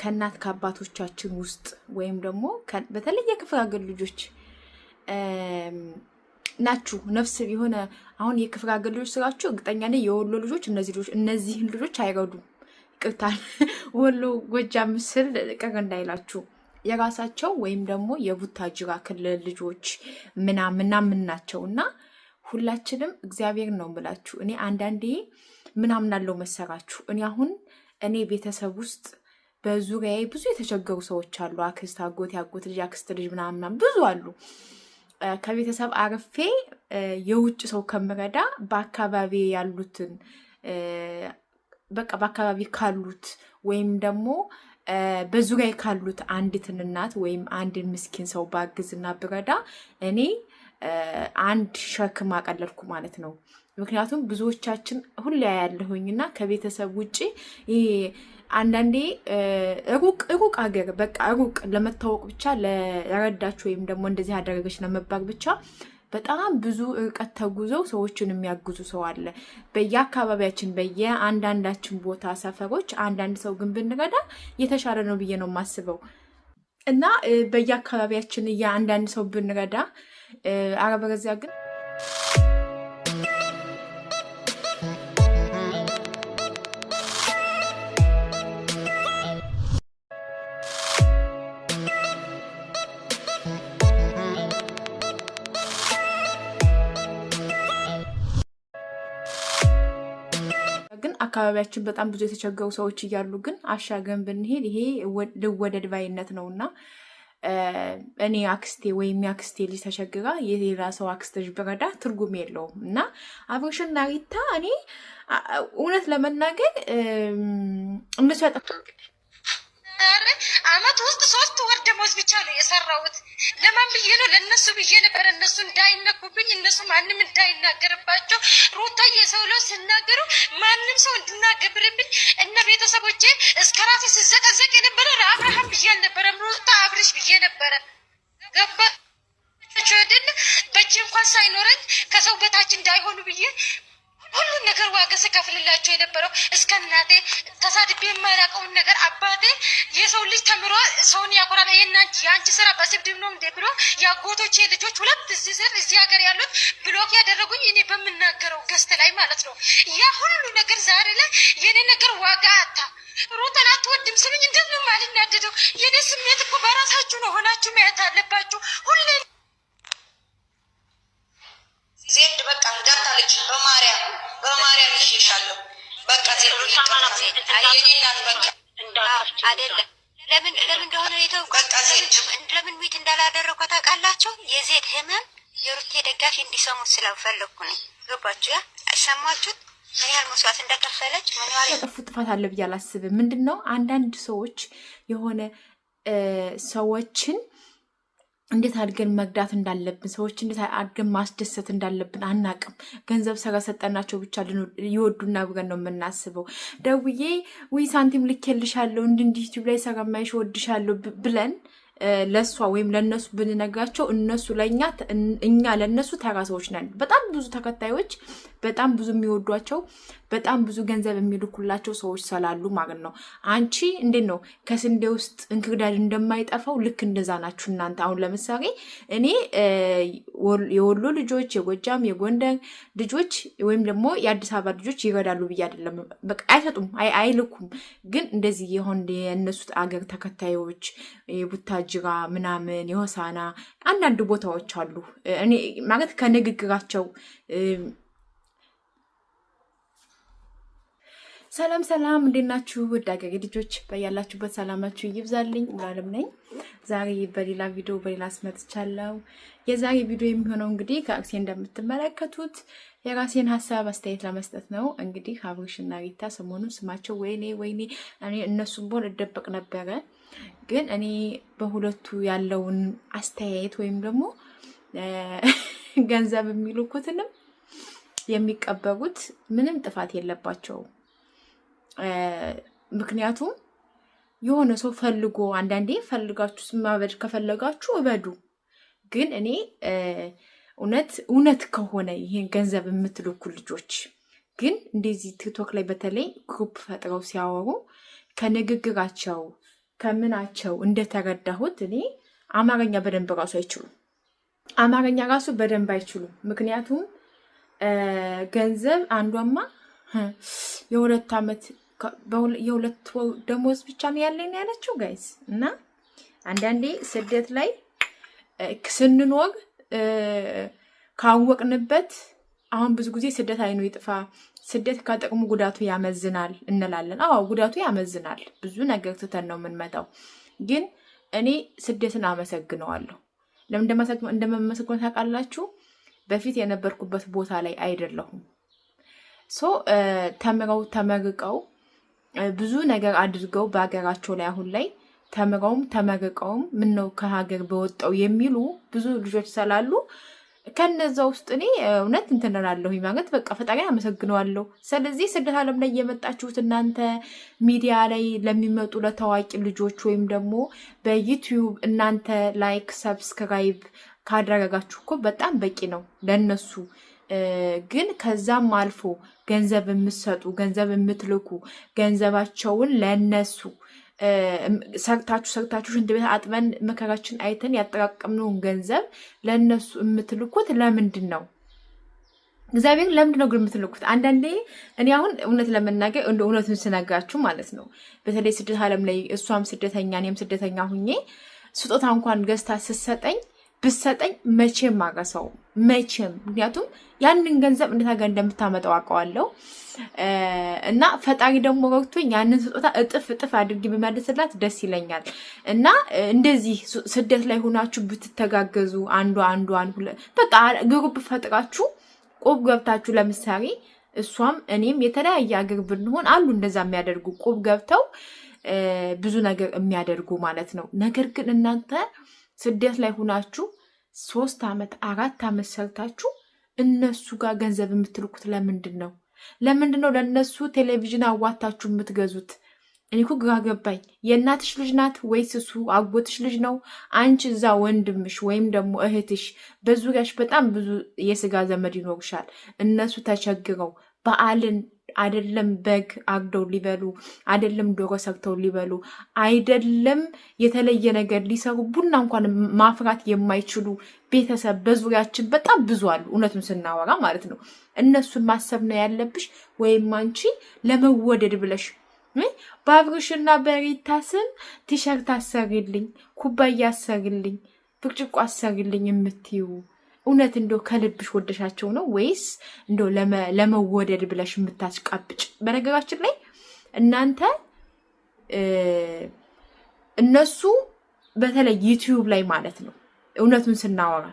ከእናት ከአባቶቻችን ውስጥ ወይም ደግሞ በተለይ የክፍለ ሀገር ልጆች ናችሁ ነፍስ የሆነ አሁን የክፍለ ሀገር ልጆች ስራችሁ እርግጠኛ ነኝ የወሎ ልጆች እነዚህ ልጆች እነዚህን ልጆች አይረዱም። ይቅርታ ወሎ ጎጃ ምስል ቅር እንዳይላችሁ የራሳቸው ወይም ደግሞ የቡታጅራ ክልል ልጆች ምናምን ናቸው እና ሁላችንም እግዚአብሔር ነው የምላችሁ። እኔ አንዳንዴ ምናምን አለው መሰራችሁ እኔ አሁን እኔ ቤተሰብ ውስጥ በዙሪያ ብዙ የተቸገሩ ሰዎች አሉ። አክስት፣ አጎት፣ ያጎት ልጅ፣ አክስት ልጅ ምናምናም ብዙ አሉ። ከቤተሰብ አርፌ የውጭ ሰው ከምረዳ በአካባቢ ያሉትን በቃ በአካባቢ ካሉት ወይም ደግሞ በዙሪያ ካሉት አንዲትን እናት ወይም አንድን ምስኪን ሰው ባግዝና ብረዳ እኔ አንድ ሸክም አቀለልኩ ማለት ነው። ምክንያቱም ብዙዎቻችን ሁሌ እና ከቤተሰብ ውጭ ይሄ አንዳንዴ ሩቅ ሩቅ ሀገር በቃ ሩቅ ለመታወቅ ብቻ ለረዳች ወይም ደግሞ እንደዚህ አደረገች ለመባል ብቻ በጣም ብዙ እርቀት ተጉዘው ሰዎችን የሚያግዙ ሰው አለ። በየአካባቢያችን በየአንዳንዳችን ቦታ ሰፈሮች አንዳንድ ሰው ግን ብንረዳ የተሻለ ነው ብዬ ነው የማስበው እና በየአካባቢያችን የአንዳንድ ሰው ብንረዳ አረበረዚያ ግን አካባቢያችን በጣም ብዙ የተቸገሩ ሰዎች እያሉ ግን አሻገን ብንሄድ ይሄ ልወደድ ባይነት ነው እና እኔ አክስቴ ወይም የአክስቴ ልጅ ተቸግራ የሌላ ሰው አክስት ልጅ ብረዳ ትርጉም የለውም እና አብርሽና ሪታ እኔ እውነት ለመናገር እነሱ ያጠፋ ኧረ አመት ውስጥ ሶስት ወር ደሞዝ ብቻ ነው የሰራሁት። ለማን ብዬ ነው? ለእነሱ ብዬ ነበር፣ እነሱ እንዳይነኩብኝ፣ እነሱ ማንም እንዳይናገርባቸው። ሩታ የሰው ለው ስናገሩ ማንም ሰው እንድናገብርብኝ እነ ቤተሰቦቼ እስከ ራሴ ስዘቀዘቅ የነበረ ለአብርሃም ብዬ አልነበረም፣ ሩታ አብርሽ ብዬ ነበረ። ገባ ቸድን በእጅ እንኳን ሳይኖረኝ ከሰው በታች እንዳይሆኑ ብዬ ሁሉን ነገር ዋጋ ስከፍልላቸው የነበረው እስከ እናቴ ተሳድቤ የማያውቀውን ነገር አባቴ የሰው ልጅ ተምሮ ሰውን ያኮራል። የአንቺ ስራ በስድብ ነው እንዴ ብሎ የአጎቶቼ ልጆች ሁለት እዚህ ስር እዚህ ሀገር ያሉት ብሎክ ያደረጉኝ እኔ በምናገረው ገዝተ ላይ ማለት ነው። ያ ሁሉ ነገር ዛሬ ላይ የኔ ነገር ዋጋ አታ ሩጠን አትወድም ስሉኝ እንደምን አልናደደው። የኔ ስሜት እኮ በራሳችሁ ነው ሆናችሁ ማየት አለባችሁ ሁሌ ዜድ በቃ እንዳታለች በማርያም በማርያም ይሸሻለሁ። በቃ ዜድ ይቅርታናየኔናት በቃ አይደለም። ለምን ለምን እንደሆነ የተውኩት ለምን ሚት እንዳላደረኩ ታውቃላችሁ? የዜድ ህመም የሩቴ ደጋፊ እንዲሰሙ ስላልፈለግኩ ነው። ገባችሁ? ያ አይሰማችሁት? ምን ያህል መስዋዕት እንደከፈለች ምን ያህል ያጠፉት ጥፋት አለ ብዬ አላስብም። ምንድን ነው አንዳንድ ሰዎች የሆነ ሰዎችን እንዴት አድገን መግዳት እንዳለብን ሰዎች እንዴት አድገን ማስደሰት እንዳለብን አናቅም። ገንዘብ ሰጋ ሰጠናቸው ብቻ ይወዱና ብገን ነው የምናስበው። ደውዬ ወይ ሳንቲም ልኬልሻለሁ እንድንዲ ዩቲዩብ ላይ ሰጋ ማይሽ ወድሻለሁ ብለን ለእሷ ወይም ለእነሱ ብንነግራቸው እነሱ ለእኛ እኛ ለእነሱ ተራ ሰዎች ነን። በጣም ብዙ ተከታዮች በጣም ብዙ የሚወዷቸው በጣም ብዙ ገንዘብ የሚልኩላቸው ሰዎች ስላሉ ማለት ነው። አንቺ እንዴት ነው ከስንዴ ውስጥ እንክርዳድ እንደማይጠፋው ልክ እንደዛ ናችሁ እናንተ። አሁን ለምሳሌ እኔ የወሎ ልጆች፣ የጎጃም የጎንደር ልጆች ወይም ደግሞ የአዲስ አበባ ልጆች ይረዳሉ ብዬ አይደለም። በቃ አይሰጡም፣ አይልኩም። ግን እንደዚህ የሆን የእነሱት አገር ተከታዮች የቡታጅራ ምናምን የሆሳና አንዳንድ ቦታዎች አሉ እኔ ማለት ከንግግራቸው ሰላም ሰላም፣ እንዴት ናችሁ? ውድ አገሬ ልጆች በያላችሁበት ሰላማችሁ ይብዛልኝ። ሙሉዓለም ነኝ። ዛሬ በሌላ ቪዲዮ በሌላ አስመጥቻለሁ። የዛሬ ቪዲዮ የሚሆነው እንግዲህ ከአክሴ እንደምትመለከቱት የራሴን ሀሳብ አስተያየት ለመስጠት ነው። እንግዲህ እና ሪታ ሰሞኑን ስማቸው ወይኔ ወይኔ፣ እኔ እነሱን ቦን እደበቅ ነበረ፣ ግን እኔ በሁለቱ ያለውን አስተያየት ወይም ደግሞ ገንዘብ የሚልኩትንም የሚቀበሩት ምንም ጥፋት የለባቸውም ምክንያቱም የሆነ ሰው ፈልጎ አንዳንዴ ፈልጋችሁ ማበድ ከፈለጋችሁ እበዱ። ግን እኔ እውነት እውነት ከሆነ ይህን ገንዘብ የምትልኩ ልጆች ግን እንደዚህ ቲክቶክ ላይ በተለይ ግሩፕ ፈጥረው ሲያወሩ ከንግግራቸው ከምናቸው እንደተረዳሁት እኔ አማርኛ በደንብ ራሱ አይችሉም። አማርኛ ራሱ በደንብ አይችሉም። ምክንያቱም ገንዘብ አንዷማ የሁለት ዓመት የሁለት ደሞዝ ብቻ ነው ያለኝ ያለችው ጋይዝ እና አንዳንዴ ስደት ላይ ስንኖግ ካወቅንበት አሁን ብዙ ጊዜ ስደት አይኑ ይጥፋ፣ ስደት ከጥቅሙ ጉዳቱ ያመዝናል እንላለን። አዎ ጉዳቱ ያመዝናል። ብዙ ነገር ትተን ነው የምንመጣው። ግን እኔ ስደትን አመሰግነዋለሁ። ለምን እንደማመሰግነው ታውቃላችሁ? በፊት የነበርኩበት ቦታ ላይ አይደለሁም። ሶ ተምረው ተመርቀው ብዙ ነገር አድርገው በሀገራቸው ላይ አሁን ላይ ተምረውም ተመርቀውም ነው ከሀገር በወጣው የሚሉ ብዙ ልጆች ስላሉ ከነዛ ውስጥ እኔ እውነት እንትን እላለሁ ማለት በቃ ፈጣሪ አመሰግነዋለሁ። ስለዚህ ስደት ዓለም ላይ የመጣችሁት እናንተ ሚዲያ ላይ ለሚመጡ ለታዋቂ ልጆች ወይም ደግሞ በዩትዩብ እናንተ ላይክ ሰብስክራይብ ካደረጋችሁ እኮ በጣም በቂ ነው ለነሱ ግን ከዛም አልፎ ገንዘብ የምትሰጡ ገንዘብ የምትልኩ ገንዘባቸውን ለነሱ ሰግታችሁ ሰግታችሁ ሽንት ቤት አጥበን መከራችን አይተን ያጠቃቀምነውን ገንዘብ ለእነሱ የምትልኩት ለምንድን ነው? እግዚአብሔር ለምንድን ነው ግን የምትልኩት? አንዳንዴ እኔ አሁን እውነት ለመናገር እንደ እውነቱን ስነግራችሁ ማለት ነው በተለይ ስደት ዓለም ላይ እሷም ስደተኛ እኔም ስደተኛ ሁኜ ስጦታ እንኳን ገዝታ ስትሰጠኝ ብሰጠኝ መቼም አረሰው መቼም። ምክንያቱም ያንን ገንዘብ እንዴት አገር እንደምታመጣው አውቀዋለሁ እና ፈጣሪ ደግሞ ረድቶኝ ያንን ስጦታ እጥፍ እጥፍ አድርጌ በሚያደስላት ደስ ይለኛል። እና እንደዚህ ስደት ላይ ሆናችሁ ብትተጋገዙ አንዱ አንዱ በቃ ግሩፕ ፈጥራችሁ ቁብ ገብታችሁ ለምሳሌ እሷም እኔም የተለያየ አገር ብንሆን አሉ እንደዛ የሚያደርጉ ቁብ ገብተው ብዙ ነገር የሚያደርጉ ማለት ነው። ነገር ግን እናንተ ስደት ላይ ሁናችሁ ሶስት ዓመት አራት ዓመት ሰርታችሁ እነሱ ጋር ገንዘብ የምትልኩት ለምንድን ነው? ለምንድን ነው ለእነሱ ቴሌቪዥን አዋታችሁ የምትገዙት? እኔ እኮ ግራ ገባኝ። የእናትሽ ልጅ ናት ወይስ እሱ አጎትሽ ልጅ ነው? አንቺ እዛ ወንድምሽ ወይም ደግሞ እህትሽ፣ በዙሪያሽ በጣም ብዙ የስጋ ዘመድ ይኖርሻል። እነሱ ተቸግረው በዓልን አይደለም በግ አግደው ሊበሉ አይደለም ዶሮ ሰርተው ሊበሉ አይደለም የተለየ ነገር ሊሰሩ ቡና እንኳን ማፍራት የማይችሉ ቤተሰብ በዙሪያችን በጣም ብዙ አሉ። እውነቱን ስናወራ ማለት ነው። እነሱን ማሰብ ነው ያለብሽ። ወይም አንቺ ለመወደድ ብለሽ በአብርሽና በሪታ ስም ቲሸርት አሰግልኝ ኩባያ አሰግልኝ ብርጭቆ አሰግልኝ የምትይው እውነት እንደ ከልብሽ ወደሻቸው ነው ወይስ እንደ ለመወደድ ብለሽ የምታስቃብጭ? በነገራችን ላይ እናንተ እነሱ በተለይ ዩቲዩብ ላይ ማለት ነው እውነቱን ስናወራ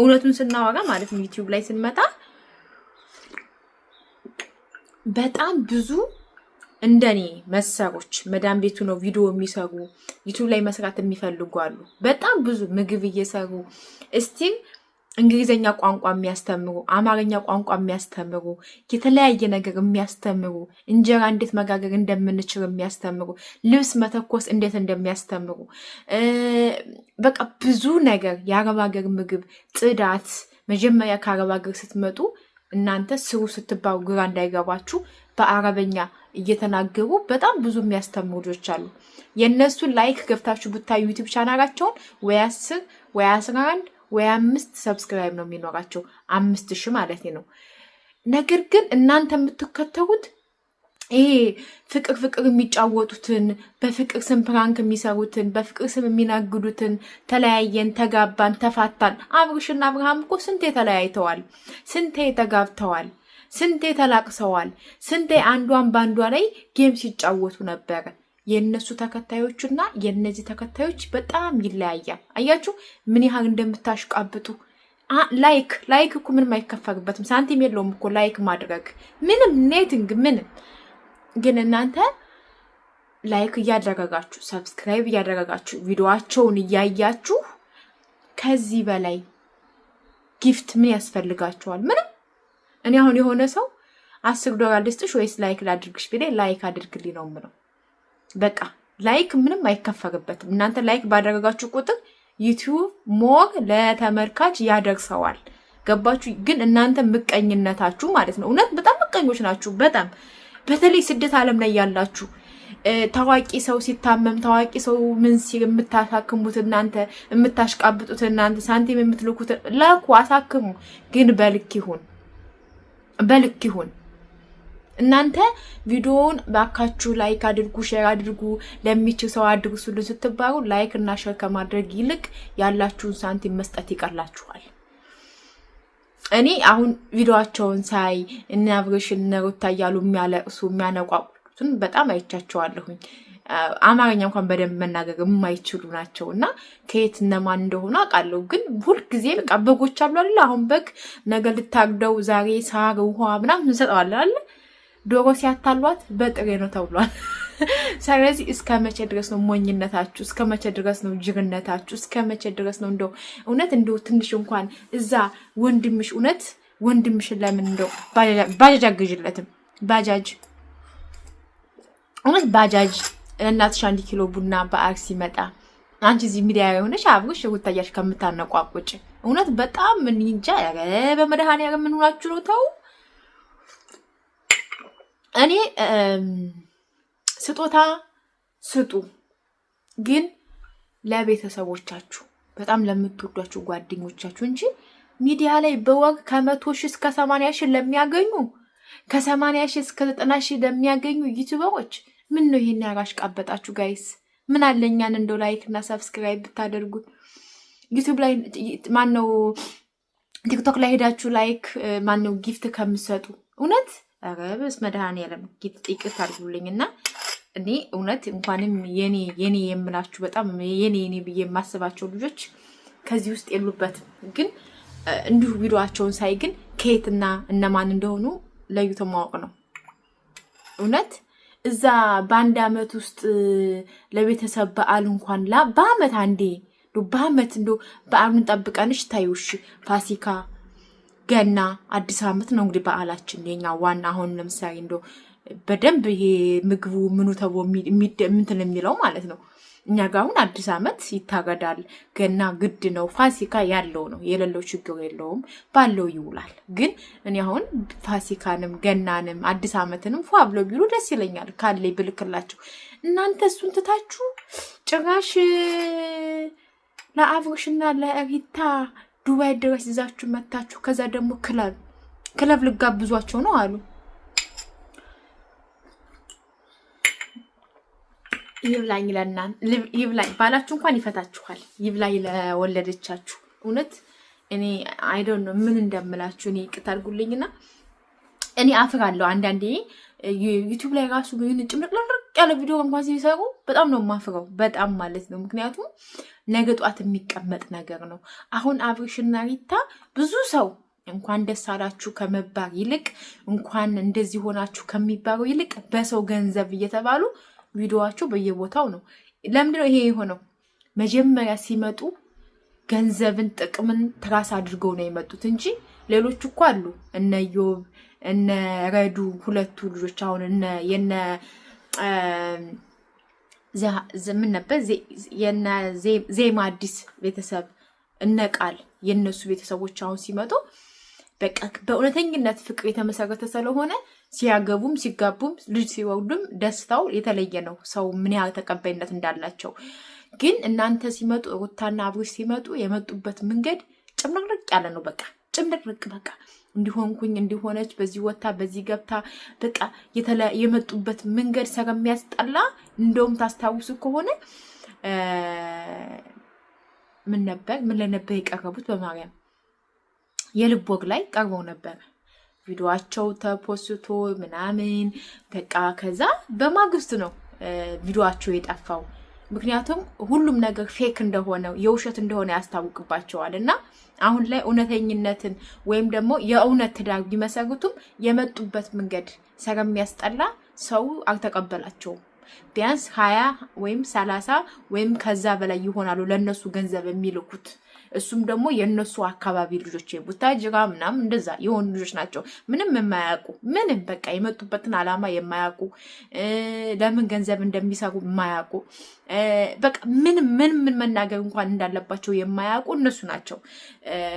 እውነቱን ስናወራ ማለት ነው ዩቲዩብ ላይ ስንመጣ በጣም ብዙ እንደኔ መሰሮች መዳን ቤቱ ነው ቪዲዮ የሚሰሩ ዩቱብ ላይ መስራት የሚፈልጉ አሉ። በጣም ብዙ ምግብ እየሰሩ እስቲል እንግሊዘኛ ቋንቋ የሚያስተምሩ፣ አማርኛ ቋንቋ የሚያስተምሩ፣ የተለያየ ነገር የሚያስተምሩ፣ እንጀራ እንዴት መጋገር እንደምንችል የሚያስተምሩ፣ ልብስ መተኮስ እንዴት እንደሚያስተምሩ፣ በቃ ብዙ ነገር የአረብ ሀገር ምግብ ጽዳት። መጀመሪያ ከአረብ ሀገር ስትመጡ እናንተ ስሩ ስትባሩ ግራ እንዳይገባችሁ በአረበኛ እየተናገሩ በጣም ብዙ የሚያስተምሩ ልጆች አሉ። የእነሱን ላይክ ገብታችሁ ብታዩ ዩቲብ ቻናላቸውን ወይ አስር ወይ አስራ አንድ ወይ አምስት ሰብስክራይብ ነው የሚኖራቸው አምስት ሺ ማለት ነው። ነገር ግን እናንተ የምትከተሉት ይሄ ፍቅር ፍቅር የሚጫወቱትን በፍቅር ስም ፕራንክ የሚሰሩትን በፍቅር ስም የሚናግዱትን ተለያየን፣ ተጋባን፣ ተፋታን። አብርሽና አብርሃም እኮ ስንቴ ተለያይተዋል፣ ስንቴ ተጋብተዋል። ስንቴ ተላቅሰዋል። ስንቴ አንዷን በአንዷ ላይ ጌም ሲጫወቱ ነበር። የእነሱ ተከታዮቹና የእነዚህ ተከታዮች በጣም ይለያያል። አያችሁ ምን ያህል እንደምታሽቃብጡ። ላይክ ላይክ እኮ ምንም አይከፈልበትም፣ ሳንቲም የለውም እኮ ላይክ ማድረግ ምንም ኔቲንግ ምንም። ግን እናንተ ላይክ እያደረጋችሁ ሰብስክራይብ እያደረጋችሁ ቪዲዮቸውን እያያችሁ ከዚህ በላይ ጊፍት ምን ያስፈልጋችኋል? ምንም እኔ አሁን የሆነ ሰው አስር ዶላር ልስጥሽ ወይስ ላይክ ላድርግሽ ቢለኝ ላይክ አድርግልኝ ነው የምለው። በቃ ላይክ ምንም አይከፈልበትም። እናንተ ላይክ ባደረጋችሁ ቁጥር ዩቲዩብ ሞር ለተመልካች ያደርሰዋል። ገባችሁ? ግን እናንተ ምቀኝነታችሁ ማለት ነው። እውነት በጣም ምቀኞች ናችሁ። በጣም በተለይ ስደት ዓለም ላይ ያላችሁ ታዋቂ ሰው ሲታመም ታዋቂ ሰው ምን ሲል የምታሳክሙት እናንተ የምታሽቃብጡት እናንተ ሳንቲም የምትልኩት ላኩ፣ አሳክሙ፣ ግን በልክ ይሁን። በልክ ይሁን። እናንተ ቪዲዮውን ባካችሁ ላይክ አድርጉ፣ ሼር አድርጉ፣ ለሚችል ሰው አድርሱልን ስትባሩ ላይክ እና ሼር ከማድረግ ይልቅ ያላችሁን ሳንቲም መስጠት ይቀላችኋል። እኔ አሁን ቪዲዮቸውን ሳይ እነ አብርሽ እነ ሩታ እያሉ የሚያለቅሱ የሚያነቋቁቱን በጣም አይቻቸዋለሁኝ። አማርኛ እንኳን በደንብ መናገር የማይችሉ ናቸው እና ከየት እነማን እንደሆኑ አውቃለሁ። ግን ሁልጊዜ በቃ በጎች አሉ አለ አሁን በግ ነገ ልታርደው ዛሬ ሳር ውሃ ምናምን እንሰጠዋለን አለ ዶሮ ሲያታሏት በጥሬ ነው ተብሏል። ስለዚህ እስከ መቼ ድረስ ነው ሞኝነታችሁ? እስከ መቼ ድረስ ነው ጅርነታችሁ? እስከ መቼ ድረስ ነው እንደው እውነት እንደው ትንሽ እንኳን እዛ ወንድምሽ እውነት ወንድምሽን ለምን እንደው ባጃጅ አግዥለትም ባጃጅ እውነት ባጃጅ እናትሽ አንድ ኪሎ ቡና በአክስ ይመጣ አንቺ እዚህ ሚዲያ የሆነች አብሮሽ ውታያሽ ከምታነቋቁጭ እውነት በጣም ምን እንጃ። በመድሃን ምን ሆናችሁ ነው? ተው። እኔ ስጦታ ስጡ፣ ግን ለቤተሰቦቻችሁ በጣም ለምትወዷችሁ ጓደኞቻችሁ እንጂ ሚዲያ ላይ በወግ ከመቶ ሺ እስከ ሰማንያ ሺ ለሚያገኙ ከሰማንያ ሺ እስከ ዘጠና ሺ ለሚያገኙ ዩቱበሮች ምን ነው ይሄን ያራሽ ቃበጣችሁ ጋይስ? ምን አለኛን እንደው ላይክ እና ሰብስክራይብ ብታደርጉት ዩቲዩብ ላይ ማን ነው ቲክቶክ ላይ ሄዳችሁ ላይክ ማን ነው ጊፍት ከምሰጡ እውነት ረብስ መድኃኔዓለም ጊፍት ይቅርት አድርጉልኝ እና እኔ እውነት እንኳንም የኔ የኔ የምላችሁ በጣም የኔ የኔ ብዬ የማስባቸው ልጆች ከዚህ ውስጥ የሉበትም። ግን እንዲሁ ቪዲዮዋቸውን ሳይ ግን ከየትና እነማን እንደሆኑ ለይቶ ማወቅ ነው እውነት እዛ በአንድ አመት ውስጥ ለቤተሰብ በዓል እንኳን ላ በአመት አንዴ በአመት እንዶ በዓሉን ጠብቀንሽ ታዩሽ ፋሲካ፣ ገና፣ አዲስ ዓመት ነው እንግዲህ በዓላችን የኛ ዋና። አሁን ለምሳሌ እንዶ በደንብ ይሄ ምግቡ ምኑ ተብሎ እንትን የሚለው ማለት ነው እኛ ጋ አሁን አዲስ ዓመት ይታገዳል፣ ገና ግድ ነው፣ ፋሲካ ያለው ነው የሌለው ችግር የለውም፣ ባለው ይውላል። ግን እኔ አሁን ፋሲካንም ገናንም አዲስ ዓመትንም ፏ ብሎ ቢሉ ደስ ይለኛል ካለ ብልክላቸው። እናንተ እሱን ትታችሁ ጭራሽ ለአብርሽና ለሪታ ዱባይ ድረስ ይዛችሁ መታችሁ፣ ከዛ ደግሞ ክለብ ክለብ ልጋብዟቸው ነው አሉ። ይብላኝ ለእናን ይብላኝ ባላችሁ እንኳን ይፈታችኋል። ይብላኝ ለወለደቻችሁ። እውነት እኔ አይዶን ነው ምን እንደምላችሁ። እኔ ይቅርታ አድርጉልኝና እኔ አፍራለሁ አንዳንዴ ዩቱብ ላይ ራሱ ግን ጭምርቅርቅ ያለ ቪዲዮ እንኳን ሲሰሩ በጣም ነው የማፍረው፣ በጣም ማለት ነው። ምክንያቱም ነገ ጠዋት የሚቀመጥ ነገር ነው። አሁን አብርሽና ሪታ ብዙ ሰው እንኳን ደስ አላችሁ ከመባር ይልቅ እንኳን እንደዚህ ሆናችሁ ከሚባለው ይልቅ በሰው ገንዘብ እየተባሉ ቪዲዮዋቸው በየቦታው ነው። ለምንድነው ይሄ የሆነው? መጀመሪያ ሲመጡ ገንዘብን ጥቅምን ትራስ አድርገው ነው የመጡት እንጂ ሌሎች እኮ አሉ። እነ ዮብ እነ ረዱ ሁለቱ ልጆች አሁን የነ ምን ነበር ዜማ አዲስ ቤተሰብ እነ ቃል የእነሱ ቤተሰቦች አሁን ሲመጡ በቃ በእውነተኝነት ፍቅር የተመሰረተ ስለሆነ ሲያገቡም ሲጋቡም ልጅ ሲወልዱም ደስታው የተለየ ነው። ሰው ምን ያህል ተቀባይነት እንዳላቸው ግን እናንተ ሲመጡ ሩታና አብርሽ ሲመጡ የመጡበት መንገድ ጭምርቅ ያለ ነው። በቃ ጭምርቅ በቃ እንዲሆንኩኝ እንዲሆነች በዚህ ወታ በዚህ ገብታ በቃ የመጡበት መንገድ ስለሚያስጠላ እንደውም ታስታውሱ ከሆነ ምን ነበር ምን ለነበር የቀረቡት በማርያም የልብ ወግ ላይ ቀርበው ነበር። ቪዲዮቸው ተፖስቶ ምናምን በቃ ከዛ በማግስት ነው ቪዲዮቸው የጠፋው። ምክንያቱም ሁሉም ነገር ፌክ እንደሆነ የውሸት እንደሆነ ያስታውቅባቸዋል። እና አሁን ላይ እውነተኝነትን ወይም ደግሞ የእውነት ትዳር ቢመሰርቱም የመጡበት መንገድ ስለሚያስጠላ ሰው አልተቀበላቸውም። ቢያንስ ሀያ ወይም ሰላሳ ወይም ከዛ በላይ ይሆናሉ ለእነሱ ገንዘብ የሚልኩት እሱም ደግሞ የእነሱ አካባቢ ልጆች ቡታጅራ ምናምን እንደዛ የሆኑ ልጆች ናቸው። ምንም የማያውቁ ምንም በቃ የመጡበትን አላማ የማያውቁ ለምን ገንዘብ እንደሚሰሩ የማያውቁ በቃ ምንም ምን ምን መናገር እንኳን እንዳለባቸው የማያውቁ እነሱ ናቸው።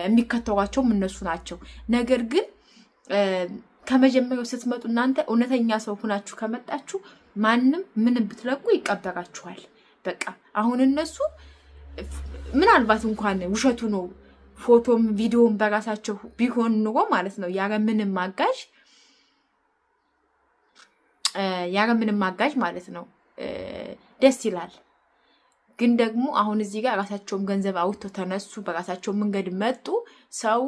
የሚከተሯቸውም እነሱ ናቸው። ነገር ግን ከመጀመሪያው ስትመጡ እናንተ እውነተኛ ሰው ሁናችሁ ከመጣችሁ ማንም ምንም ብትለቁ ይቀበራችኋል። በቃ አሁን እነሱ ምናልባት እንኳን ውሸቱ ነው ፎቶም ቪዲዮም በራሳቸው ቢሆን ኑሮ ማለት ነው ያረ ምንም አጋዥ ያረ ምንም አጋዥ ማለት ነው ደስ ይላል። ግን ደግሞ አሁን እዚህ ጋር ራሳቸውም ገንዘብ አውጥተው ተነሱ፣ በራሳቸው መንገድ መጡ ሰው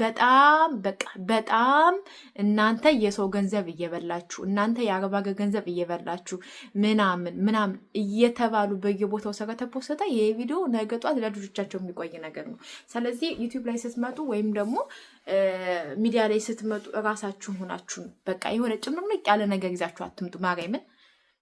በጣም በቃ በጣም እናንተ የሰው ገንዘብ እየበላችሁ እናንተ የአረብ ገንዘብ እየበላችሁ ምናምን ምናምን እየተባሉ በየቦታው ስለተፖሰተ ይሄ ቪዲዮ ነገ ጧት ለልጆቻቸው የሚቆይ ነገር ነው። ስለዚህ ዩቲዩብ ላይ ስትመጡ ወይም ደግሞ ሚዲያ ላይ ስትመጡ እራሳችሁ ሆናችሁ በቃ የሆነ ጭምርምቅ ያለ ነገር ይዛችሁ አትምጡ። ማርያምን